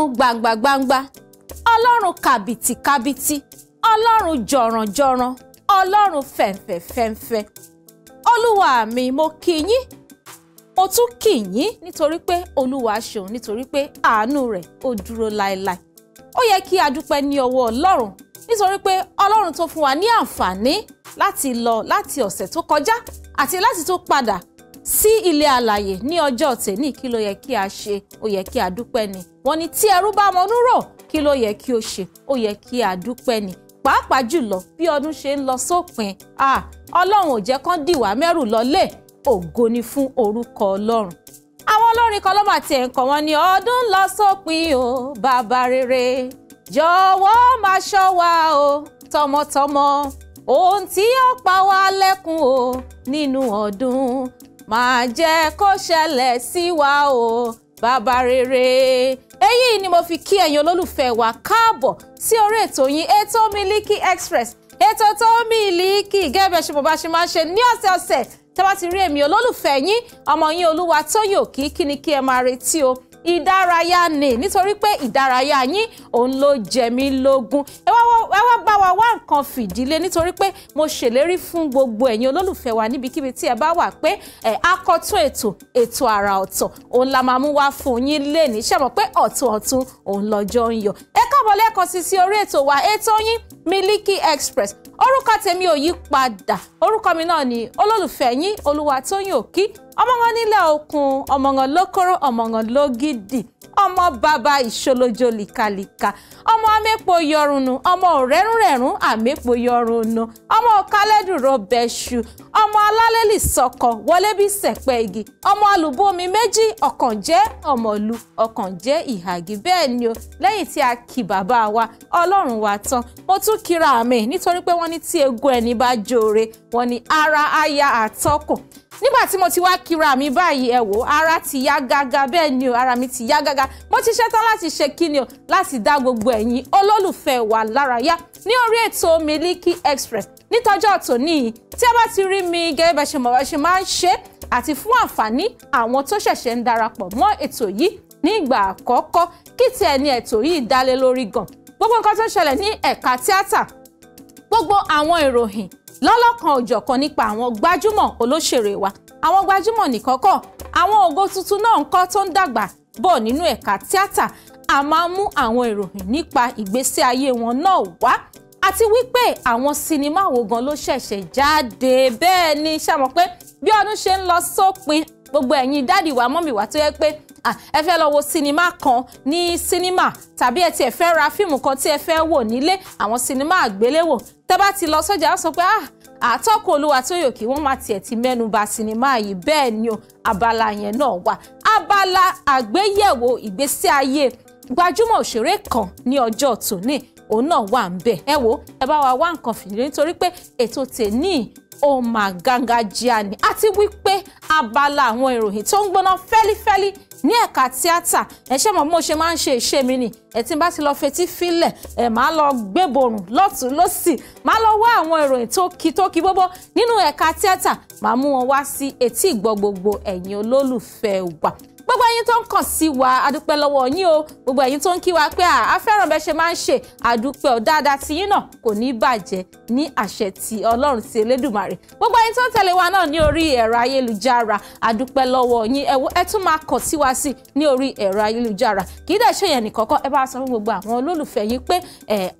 ọlọ́run gbangba-gbangba ọlọ́run kàbìtì-kàbìtì ọlọ́run jọ̀ràn-jọ̀ràn ọlọ́run fẹ̀ǹfẹ̀fẹ̀ǹfẹ̀ olúwa mi mo kí yín mo tún kí yín nítorí pé olúwa ṣeun nítorí pé àánú rẹ̀ ó dúró láéláé ó yẹ kí a dúpẹ́ ní ọwọ́ ọlọ́run nítorí pé ọlọ́run tó fún wa ní àǹfààní láti lọ láti ọ̀sẹ̀ tó kọjá àti láti tó padà sí ilé alàyè ní ọjọ́ tèní kí ló yẹ kí a ṣe ó yẹ kí a dúpẹ́ ni wọ́n ní tí ẹrú bá mọ onúrò kí ló yẹ kí ó ṣe ó yẹ kí a dúpẹ́ ni pàápàá jùlọ bí ọdún ṣe ń lọ sópin ọlọ́run ò jẹ́ kán dìwà mẹ́rù lọ́lẹ̀ ògo ni fún orúkọ ọlọ́run àwọn olórin kan ló tiẹ̀ ń kọ́ wọn ní ọdún ń lọ sópin o bàbá rere jọ̀wọ́ máa ṣọ́ wa o tọmọtọmọ ohun tí ó pa wá lẹ́kùn o nínú ọdún máa jẹ́ kó ṣẹlẹ̀ sí wa o bàbá rere èyí ni mo fi kí ẹ̀yin olólùfẹ́ wa káàbọ̀ sí orí ètò yín ètò Miliki Express ètò tó Miliki gẹ́gẹ́ bí ẹ ṣe bàbá ṣe máa ń ṣe ní ọ̀sẹ̀ọ̀sẹ̀ tẹ́ bá ti rí èmi olólùfẹ́ yín ọmọ yín olúwa tóyìn òkì kí ni kí ẹ máa retí o ìdárayá ni nítorí pé ìdárayá yín òun ló jẹ mí lógún ẹ wá bá wa kan fìdílé nítorí pé mo ṣèlérí fún gbogbo ẹ̀yin olólùfẹ́ wa níbikíbi tí ẹ bá wà pé ẹ akọ́tún ètò ètò àrà ọ̀tọ̀ òun la máa mú wá fún yín léni ṣe mọ̀ pé ọ̀tun ọ̀tun òun lọ́jọ́ ń yọ ẹ káàbọ̀ lẹ́ẹ̀kan sí sí orí ètò wa ètò yín Miliki Express orúkọ tèmi ò yí padà orúkọ mi náà ni olólùfẹ́ yín Olúwatóyìn Òkí ọmọ wọn nílẹ̀ òkun ọmọ wọn lókòrò ọmọ wọn lógidì ọmọ bàbá ìṣolójó líkalíka ọmọ amẹ́pọ̀ yọrùnù ọmọ òrẹ́rùnrẹ̀rùn amẹ́pọ̀ yọrùnù ọmọ kálẹ́dùrọ̀ bẹ́ṣu ọmọ alálẹ́lì sọkọ̀ wọlé bí sẹ̀pẹ́ igi ọmọ alùbọ́mi méjì ọ̀kàn jẹ́ ọmọlú ọ̀kàn jẹ́ ìhàgì bẹ́ẹ̀ ni o lẹ́yìn tí a kí bàbá wa ọlọ́run wa tán mo tún kíra àmì nítorí pé wọ́n wọ́n ní tí egun ẹni bá jóore wọ́n ní ara aya àtọkùn nígbà tí mo ti wá kíra mi báyìí ẹ wò ara ti yá gágá bẹ́ẹ̀ ni o ara mi ti yá gágá mo ti ṣetán láti ṣe kíni o láti dá gbogbo ẹ̀yin olólùfẹ́ wa lárayá ní orí ètò Miliki Express nítọjọ́ tòní yìí tí ẹ bá ti rí mi gẹ́gẹ́ bẹ ṣe mọ̀ bá ṣe máa ń ṣe àti fún àǹfààní àwọn tó ṣẹ̀ṣẹ̀ ń darapọ̀ mọ́ ètò yìí ní ìgbà kí tiẹ̀ ni ètò yìí dálé lórí gan gbogbo nǹkan tó ṣẹlẹ̀ ní ẹ̀ka tíátà gbogbo àwọn ìròyìn lọ́lọ́kan òjọ̀kan nípa àwọn gbajúmọ̀ olóṣèré wa àwọn gbajúmọ̀ nìkan kọ́ àwọn ògo tuntun náà ń kọ́ tó ń dàgbà bọ̀ nínú ẹ̀ka tíátà a máa mú àwọn ìròyìn nípa ìgbésí ayé wọn náà wá àti wípé àwọn sinimá wo gan ló ṣẹ̀ṣẹ̀ jáde bẹ́ẹ̀ ni ṣàmọ̀ pé bí ọdún ṣe ń lọ sópin gbogbo ẹ̀yin dáàdì wa mọ́mì wa tó yẹ pé Ah, ẹ fẹ́ lọ wo sinimá kan ní sinimá tàbí ẹ tiẹ̀ fẹ́ ra fíìmù kan tí ẹ fẹ́ wò nílé àwọn sinimá àgbéléwò tẹ́ bá ti lọ sọ́jà á sọ pé ah àtọ́kùn Olúwatóyòkí wọ́n máa tiẹ̀ ti mẹ́nu bà sinimá yìí bẹ́ẹ̀ ni o abala yẹn náà wà abala àgbéyẹ̀wò ìgbésí ayé gbajúmọ̀ òṣèré kan ní ọjọ́ tòní òun náà wà ń bẹ̀ ẹ wo ẹ bá wa wá nǹkan fìdí nítorí pé ètò tèní ó mà gàǹgàjìà ni àti wípé abala àwọn ìròyìn tó ń gbóná fẹ́lífẹ́lí ní ẹ̀ka tíátà ẹ ṣe mọ̀ bí mo ṣe máa ń ṣe iṣẹ́ mi ni ẹ tí n bá ti lọ fetí filẹ̀ ẹ máa lọ gbéborùn lọ́tún lọ́sì máa lọ wá àwọn ìròyìn tó ki tó ki bóbó nínú ẹ̀ka tíátà máa mú wọn wá sí etí ìgbọ́ gbogbo ẹ̀yin olólùfẹ́ wa gbogbo ẹ̀yin tó ń kàn sí wa adúpẹ́ lọ́wọ́ yín o gbogbo ẹ̀yin tó ń kí wa pé a fẹ́ràn bẹ́ẹ̀ ṣe máa ń ṣe adúpẹ́ ò dáadáa ti yín náà kò ní bàjẹ́ ní àṣẹ ti ọlọ́run ti elédùmarè gbogbo ẹ̀yin tó ń tẹ̀lé wa náà ní orí ẹ̀rọ ayélujára adúpẹ́ lọ́wọ́ yín ẹ tún máa kàn sí wa sí ní orí ẹ̀rọ ayélujára kì í dẹ̀ ṣe yẹn nìkọ́kọ́ ẹ bá sọ fún gbogbo àwọn olólùfẹ́ yín pé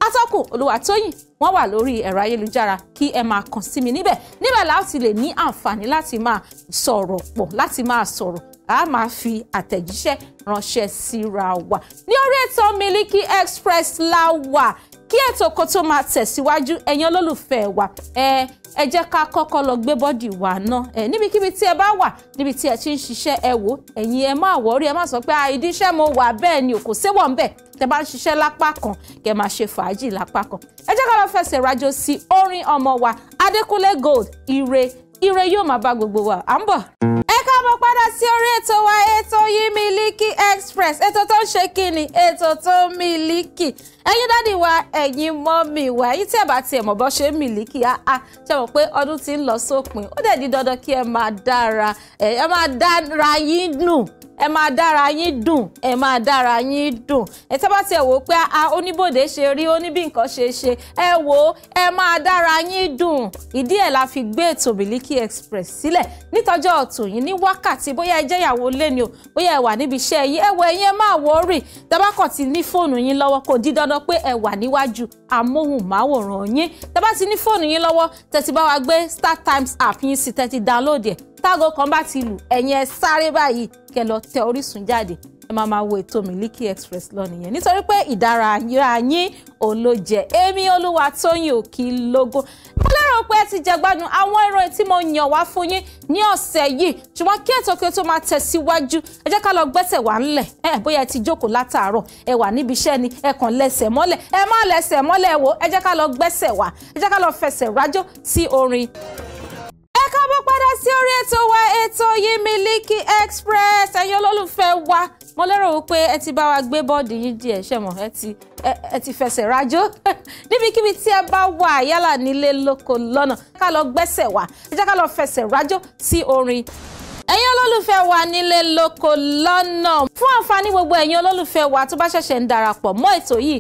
atọ́kùn olùwàtóyìn wọ́n wà lórí ẹ̀rọ ayélujára kí ẹ máa kàn sí mi níbẹ̀ níbẹ̀ láti lè ní àǹfààní láti máa sọ̀rọ̀ pọ̀ láti máa sọ̀rọ̀ a máa fi àtẹ̀jíṣẹ́ ránṣẹ́ síra wa ní orí ètò Miliki Express la wà kí ètò kan tó máa tẹ̀síwájú ẹ̀yin olólùfẹ́ wa ẹ ẹ jẹ́ ká kọ́kọ́ lọ gbé bọ́dì wa náà ẹ níbikíbi tí ẹ bá wà níbi tí ẹ ti ń ṣiṣẹ́ ẹ wò ẹ̀yin ẹ má wọrí ẹ má sọ pé ìdí iṣẹ́ mo wà bẹ́ẹ̀ ni kò séwọ̀ ń bẹ̀ tẹ bá ń ṣiṣẹ́ lápá kan kẹ máa ṣe fàájì lápá kan ẹ jẹ́ ká lọ fẹsẹ̀ rájò sí orin ọmọ wa Adékúnlé Gold ire ire yóò máa bá gbogbo wa à ń bọ̀. ẹ káàbọ̀ padà sí orí ètò wa ètò yìí Miliki Express ètò tó ń ṣe kíni ètò tó ń miliki eyin dádì wa ẹ̀yin mọ́mì wa ẹ̀yin tí ẹ bá tiẹ̀ mọ̀ ṣe ń miliki áá ṣe mọ̀ pé ọdún ti ń lọ sópin ó dẹ̀ di dandan kí ẹ máa dára ẹ máa dára yín nù ẹ máa dára yín dùn ẹ máa dára yín dùn ẹ tẹ́ bá tiẹ̀ wò pé a ah, ah, oníbòde ṣe rí oníbí nǹkan ṣe ṣe ẹ wò ó ẹ máa dára yín dùn ìdí ẹ̀ la fi gbé ètò Express sílẹ̀ nítọ́jọ́ ọ̀tún yìí ní wákàtí bóyá ẹ jẹ́ ìyàwó ilé ni o bóyá ẹ wà níbi iṣẹ́ yìí ẹ wọ ẹyin ẹ máa wọ rì tẹ́bákàn ti ní fóònù yín lọ́wọ́ kò di dandan pé ẹ wà níwájú amóhùnmáwòrán yín tẹ́bá ti ní fóònù yín lọ́wọ́ tẹ́tí bá wa gbé app yín sí tẹ́tí download ẹ̀ tágo kan bá ti lù ẹ̀yin ẹ sáré báyìí kẹ́ lọ tẹ Orísun jáde ẹ máa máa wo ètò Miliki Express lọ nìyẹn nítorí pé ìdárayá yín òun ló jẹ èmi olúwa tóyìn òkì lógún mo lérò pé ẹ ti jẹgbádùn àwọn ìròyìn tí mo yàn wá fún yín ní ọ̀sẹ̀ yìí ṣùgbọ́n kí ètò kí o tó máa tẹ̀síwájú ẹ jẹ́ ká lọ gbẹ́sẹ̀ wá ńlẹ̀ ẹ bóyá ẹ ti jókòó látàárọ̀ ẹ wà níbi iṣẹ́ ni ẹ kàn lẹ́sẹ̀ mọ́lẹ̀ ẹ má lẹ́sẹ̀ mọ́lẹ̀ wò ẹ jẹ́ ká lọ gbẹ́sẹ̀ wá ẹ jẹ́ ká lọ fẹsẹ̀ rájò sí orin káàbọ̀ padà sí orí ètò wa ètò yìí Miliki Express ẹ̀yin olólùfẹ́ wa mo lérò wípé ẹ ti bá wa gbé bọ́ọ̀dì yìí díẹ̀ ṣe mọ̀ ẹ ti ẹ ti fẹsẹ̀ rájò níbikíbi tí ẹ bá wà yálà nílé lóko lọ́nà ká lọ gbẹ́sẹ̀ wá ẹ jẹ́ ká lọ fẹsẹ̀ rájò sí orin ẹ̀yin olólùfẹ́ wa nílé lóko lọ́nà fún àǹfààní gbogbo ẹ̀yin olólùfẹ́ wa tó bá ṣẹ̀ṣẹ̀ ń darapọ̀ mọ́ ètò yìí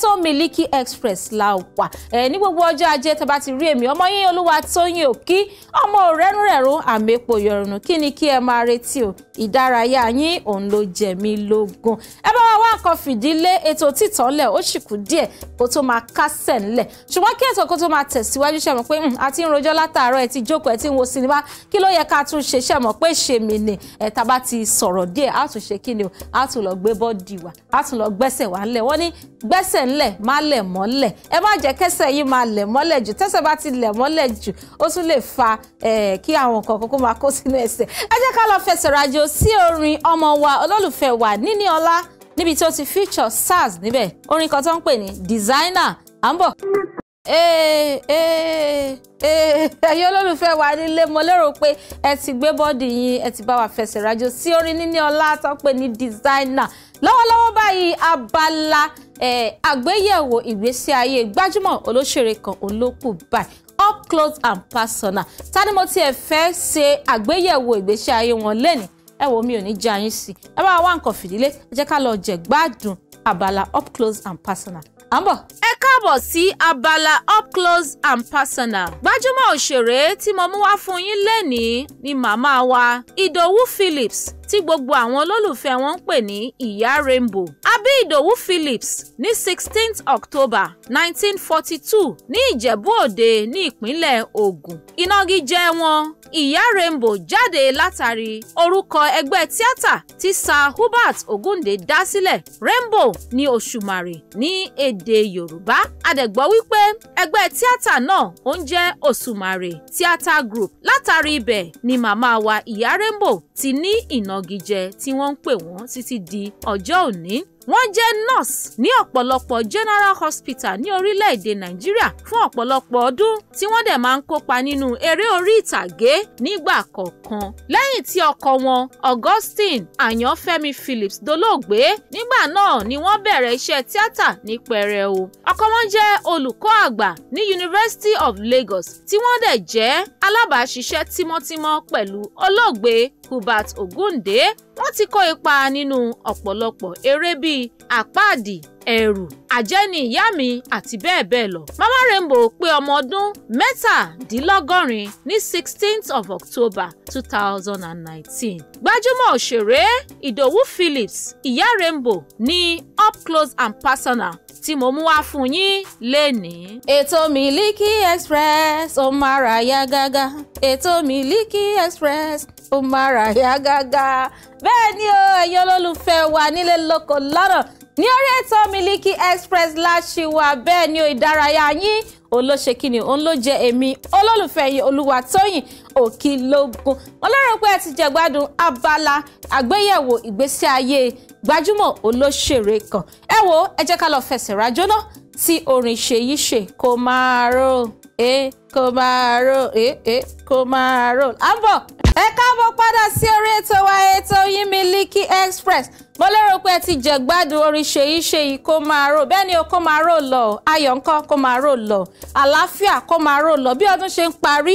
Plateau Miliki Express la wà ẹ ní gbogbo ọjọ́ ajé tẹ́ bá ti rí èmi ọmọ yín olúwa tóyìn òkí ọmọ rẹ́rùnrẹ́rùn àmẹ́pọ̀ yọrùnù kí ni kí ẹ máa retí o ìdárayá yín òun ló jẹ mí lógún ẹ bá wa wá nǹkan fìdílé ètò títọ́lẹ̀ ó sì kú díẹ̀ kó tó máa kásẹ̀ ńlẹ̀ ṣùgbọ́n kí ètò kó tó máa tẹ̀síwájú ṣe mọ̀ pé hmm, a ti ń rojọ́ látàárọ̀ ẹ ti jókòó ẹ ti ń wo sinimá kí ló yẹ ká tún ṣe ṣe mọ̀ pé ṣe mí ni ẹ ta bá ti sọ̀rọ̀ díẹ̀ á tún ṣe kí ni o á tún lọ gbé bọ́ọ̀dì wa á tún lọ gbẹ́sẹ̀ wa ńlẹ̀ wọ́n ní gbẹ́sẹ̀ mọ́lẹ̀ má lẹ̀ mọ́lẹ̀ ẹ má jẹ́ kẹ́sẹ̀ yín máa lẹ̀ mọ́lẹ̀ jù tẹ́sẹ̀ bá ti lẹ̀ mọ́lẹ̀ jù ó tún lè fa kí àwọn nǹkan kókó máa kó sínú ẹsẹ̀ ẹ jẹ́ ká lọ fẹsẹ̀ rajo sí orin ọmọ wa olólùfẹ́ wa níní ọlá níbi tí ó ti feature SARS níbẹ̀ orin kan tó ń pè ní designer à ń bọ̀ ẹ̀yin olólùfẹ́ wa nílé mo lérò pé ẹ ti gbé bọ́ọ̀dì yín ẹ ti bá wa fẹsẹ̀ rájò sí orin níní ọlá tó pé ní designer lọ́wọ́lọ́wọ́ báyìí abala àgbéyẹ̀wò ìgbésí ayé gbajúmọ̀ olóṣèré kan olókù báyìí up close and personal ta ni mo tiẹ̀ fẹ́ ṣe àgbéyẹ̀wò ìgbésí ayé wọn lẹ́nìí ẹ wo mi ò ní já yín sí ẹ bá wa wá nǹkan fìdílé ẹ jẹ́ ká lọ jẹ̀ gbádùn abala up close and personal à ń bọ̀. ẹ káàbọ̀ sí abala up close and personal. gbajúmọ̀ òṣèré tí mo mú wá fún yín lénìí ni màmá wa Ìdòwú Phillips tí gbogbo àwọn olólùfẹ́ wọn ń pè ní ìyá Rainbow. a bí Ìdòwú Phillips ní sixteenth October nineteen forty two ní Ìjẹ̀bú Òde ní ìpínlẹ̀ Ògùn. ìnagijẹ wọn ìyá Rainbow jáde látàrí orúkọ ẹgbẹ́ tíátà tí Sir Hubert Ogunde dá sílẹ̀ Rainbow ni Òṣùmàrè ní èdè Yorùbá adẹ̀gbọ́ wípé ẹgbẹ́ tíátà náà ó ń jẹ́ Òṣùmàrè Theatre Group látàrí ibẹ̀ ni màmá wa ìyá Rainbow ti ní ìnagijẹ tí wọ́n ń pè wọ́n títí di ọjọ́ òní wọ́n jẹ́ nurse ní ọ̀pọ̀lọpọ̀ general hospital ní orílẹ̀-èdè nàìjíríà fún ọ̀pọ̀lọpọ̀ ọdún tí wọ́n dẹ̀ máa ń kópa nínú eré orí ìtàgé nígbà kọ̀ọ̀kan lẹ́yìn tí ọkọ wọn augustine àyànfẹ́mi phillips dolóògbé nígbà náà ni wọ́n bẹ̀rẹ̀ iṣẹ́ tíátà ní pẹrẹu ọkọ wọn jẹ́ olùkọ́ àgbà ní university of lagos tí wọ́n dẹ̀ jẹ́ alábàáṣiṣẹ́ tímọ́tímọ́ pẹ̀lú olóògbé Hubert Ògúndé wọ́n ti kó ipa nínú ọ̀pọ̀lọpọ̀ eré bíi àpáàdì ẹ̀rù àjẹ́ni ìyá mi àti bẹ́ẹ̀ bẹ́ẹ̀ lọ. Mama Rainbow pé ọmọ ọdún mẹ́tàdínlọ́gọ́rin ní sixteenth of October two thousand and nineteen. Gbajúmọ̀ òṣèré Ìdòwú Phillips ìyá Rainbow ní up close and personal tí mo mú wá fún yín lénìí. ètò Miliki Express ó máa ra yá gágá ètò Miliki Express tó máa rà yá gágá bẹ́ẹ̀ ni o ẹ̀yin olólùfẹ́ wa nílé lóko lọ́nà ní orí ètò Miliki Express láṣìwà bẹ́ẹ̀ ni o ìdárayá yín olóṣè kìíní òun ló jẹ èmi olólùfẹ́ yín Olúwatóyìn Òkìlógún wọn lérò pé ẹ ti jẹ̀gbádùn abala àgbéyẹ̀wò ìgbésí ayé gbajúmọ̀ olóṣèré kan ẹ wo ẹ jẹ́ ká lọ fẹsẹ̀ rájó náà tí orin Ṣèyí ṣe kó máa rò é eh, kó máa rò é é kó máa rò. à ń bọ̀ ẹ káàbọ̀ padà sí orí ètò wa ètò yín Miliki Express mo lérò pé ẹ ti jẹ̀gbádùn orin Ṣèyí Ṣèyí kó máa rò bẹ́ẹ̀ ni o kó máa rò lọ ayọ̀ ńkọ́ kó máa rò lọ àlàáfíà kó máa rò lọ bí ọdún ṣe ń parí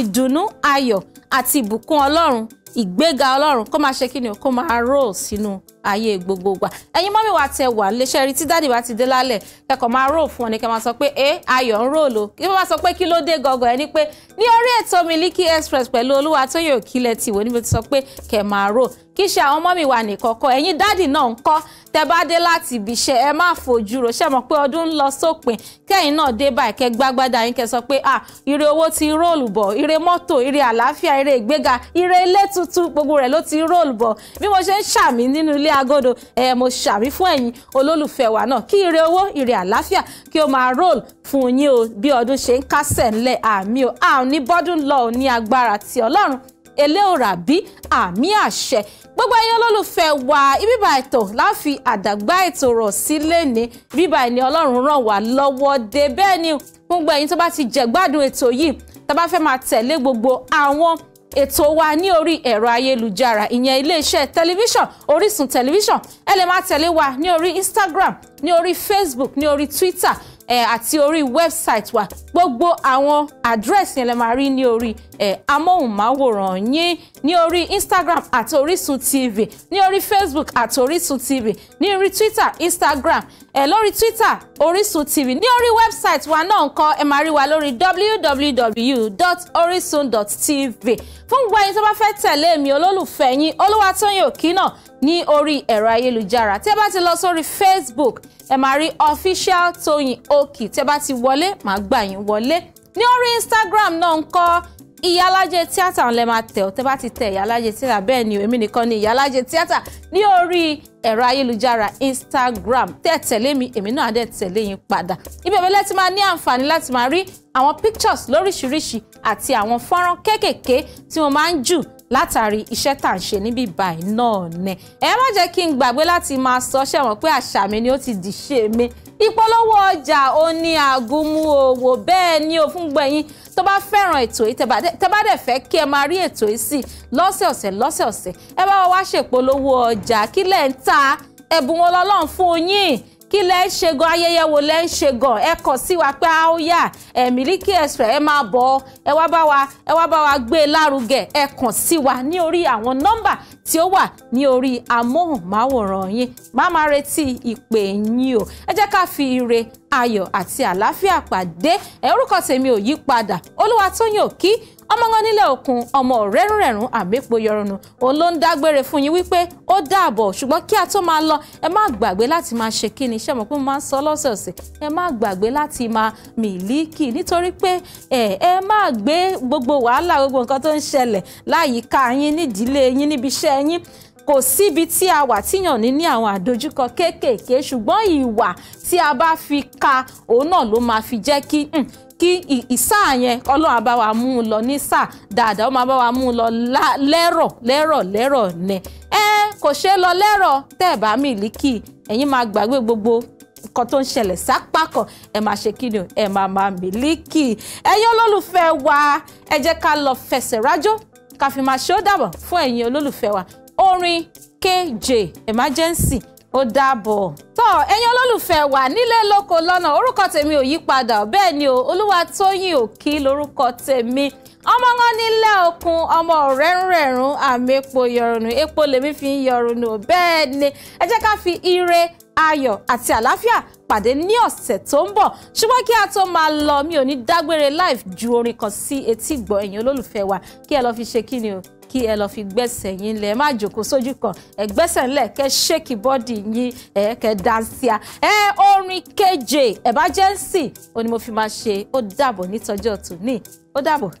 ìdùnnú ayọ̀ àti ìbùkún Ọlọ́run ìgbéga Ọlọ́run kó máa ṣe kí ni o kó máa rò sínú ayé gbogbo wa ẹ̀yin mọ́mí wa tẹ wà léṣẹ́ rí tí dáàdì bá ti dé lálẹ́ kẹ́kọ̀ọ́ máa rò fún ọ ní kẹ́ máa sọ pé ẹ ayọ̀ ń rò lò kí wọ́n bá sọ pé kí ló dé gọ̀gọ̀ ẹ ní pé ní orí ètò Miliki Express pẹ̀lú olúwa tó yóò kílẹ̀ tì wò níbi tó sọ pé kẹ́ máa rò kí ṣe àwọn mọ́mí wa nìkan kọ́ ẹ̀yin dáàdì náà ń kọ́ tẹ bá dé láti ibi iṣẹ́ ẹ má fojú ro ṣe mọ̀ pé ọdún ń lọ sópin kẹ́yìn náà dé báyìí kẹ́ gbágbádá yín kẹ́ sọ pé ah ire owó ti róòlù bọ̀ ire mọ́tò ire àlàáfíà ire ìgbéga ire ilé tuntun gbogbo rẹ̀ ló ti róòlù bọ̀ bí mo ṣe ń ṣàmì nínú ilé agodo ẹ mo ṣàmì fún ẹ̀yin olólùfẹ́ wa náà kí ire owó ire àlàáfíà kí o máa roll fún yín o bí ọdún ṣe ń kásẹ̀ ńlẹ̀ àmì o àní bọ́dún lọ ò ní agbára ti ọlọ́run eléòrà bí àmì àṣẹ gbogbo ẹyẹ olólùfẹ́ wa ibíbà ètò láfi àdàgbà ètò rọ̀ sílé ní bíbà ẹni ọlọ́run ràn wá lọ́wọ́ dé bẹ́ẹ̀ ni gbogbo ẹ̀yin tó bá ti jẹ̀gbádùn ètò yìí tá bá fẹ́ máa tẹ̀lé gbogbo àwọn ètò wa ní orí ẹ̀rọ ayélujára ìyẹn iléeṣẹ́ tẹlifíṣàn Orísun tẹlifíṣàn ẹ lè máa tẹ̀lé wa ní orí Instagram ní orí Facebook ní orí Twitter ẹ̀ eh, àti orí website wa gbogbo àwọn address yẹn lè máa rí ní orí ẹ̀ eh, amóhùnmáwòrán yín ní orí Instagram àti Orísun TV ní orí Facebook àti Orísun TV ní orí Twitter Instagram ẹ̀ eh, lórí Twitter Orísun TV ní orí website wa náà ń kọ́ ẹ máa rí wa lórí www.orisun.tv fún gbogbo ẹyin tó bá fẹ́ tẹ̀lé mi olólùfẹ́ yín Olúwatóyìn Òkínà ní orí ẹ̀rọ ayélujára tí ẹ bá ti lọ sórí Facebook ẹ máa rí official Tóyìn Òkì tí ẹ bá ti wọlé màá gbà yín wọlé ní orí Instagram náà ń kọ́ ìyálájẹ tíátà ń lẹ máa tẹ̀ ọ́ tẹ́ bá ti tẹ ìyálájẹ tíátà bẹ́ẹ̀ ni èmi nìkan ni ìyálájẹ tíátà ní orí ẹ̀rọ ayélujára Instagram tẹ́ tẹ̀lé mi èmi náà dẹ̀ tẹ̀lé yín padà ibẹ̀ bẹ́ẹ̀ lẹ́tí máa ní àǹfààní láti máa rí àwọn pictures lóríṣiríṣi àti àwọn fọ́nrán kéékèèké tí mo máa ń jù látàrí iṣẹ́ tà ń ṣe níbí báyìí náà nẹ ẹ má jẹ́ kí n gbàgbé láti máa sọ ṣẹ̀wọ̀n pé àṣà mi ni ó ti dìṣe mi ìpolówó ọjà ó ní àgùnmu òwò bẹ́ẹ̀ ni ò fún gbẹ̀yìn tó bá fẹ́ràn ètò yìí tẹ́ bá dẹ̀ fẹ́ kí ẹ máa rí ètò yìí sí lọ́sẹ̀ọ̀sẹ̀ lọ́sẹ̀ọ̀sẹ̀ ẹ bá wá ṣèpolówó ọjà kílẹ̀ ń ta ẹ̀bùn ọlọ́run fún yín kí lẹ́ ń ṣe gan ayẹyẹ wo lẹ́ ń ṣe gan ẹ kàn sí wa pé a ó yà ẹ Miliki Express ẹ máa bọ̀ ẹ wá bá wa ẹ wá bá wa gbé e lárugẹ ẹ kàn sí wa ní orí àwọn nọ́mbà tí ó wà ní orí amóhùnmáwòrán yín má máa retí ìpè yín o ẹ jẹ́ ká fi ire ayọ̀ àti àlàáfíà pàdé ẹ orúkọ tèmi ò yí padà Olúwatóyìn Òkí ọmọ wọn nílẹ̀ òkun ọmọ rẹ́rùnrẹ́rùn àbípo yọrùnù òun ló ń dágbére fún yín wípé ó dààbọ̀ ṣùgbọ́n kí a tó máa lọ ẹ má gbàgbé láti máa ṣe kí ni iṣẹ́ mọ̀ pé mo máa ń sọ lọ́sọ̀ọ̀sẹ̀ ẹ má gbàgbé láti máa mílíkì nítorí pé ẹ ẹ má gbé gbogbo wàhálà gbogbo nǹkan tó ń ṣẹlẹ̀ láyìíká yín nídìílé yín níbi iṣẹ́ yín kò síbi tí a wà tíyàn ní ní àwọn àdojúkọ kéékèèké ṣùgbọ́n ìwà tí a bá fi ka òun náà ló máa fi jẹ́ kí hmm, kí ìsáà yẹn ọlọ́run á bá wa mú un lọ ní sáà dáadáa ó máa bá wa mú un lọ lẹ́rọ̀ lẹ́rọ̀ lẹ́rọ̀ nẹ ẹ kò ṣeé lọ lẹ́rọ̀ tẹ́ ẹ bá Miliki ẹ̀yin máa gbàgbé gbogbo nǹkan tó ń ṣẹlẹ̀ sápá kan ẹ máa ṣe kíni o ẹ máa máa Miliki ẹ̀yin olólùfẹ́ wa ẹ jẹ́ ká lọ fẹsẹ̀ rájò ká fi máa ṣe ó dàbọ̀ fún ẹ̀yin olólùfẹ́ wa orin KJ Emergency ó dàbọ̀. tọ́ ẹ̀yin olólùfẹ́ wa nílé lóko lọ́nà orúkọ tèmi ò yí padà bẹ́ẹ̀ ni o Olúwatóyìn Òkí lórúkọ tèmi ọmọ wọn nílẹ̀ òkun ọmọ rẹ́rùnrẹ́rùn àmì epo yọrùnù epo lèmi fi ń yọrùnù bẹ́ẹ̀ ni ẹ jẹ́ ká fi ire ayọ̀ àti àlàáfíà pàdé ní ọ̀sẹ̀ tó ń bọ̀ ṣùgbọ́n kí a tó máa lọ mi ò ní dágbére live ju orin kan sí etí gbọ́ ẹ̀yin olólùfẹ́ wa kí ẹ lọ fi ṣe kí ni o kí ẹ lọ fi gbẹ́sẹ̀ yín lẹ̀ má jòkó sójú kan ẹ gbẹ́sẹ̀ ńlẹ̀ kẹ́ ṣéèkì bọ́dì yín ẹ kẹ́ dáńsíà ẹ orin keje emergency ó ní mo fi máa ṣe ó dàbọ̀ nítọjọ́ tòní ó dàbọ̀.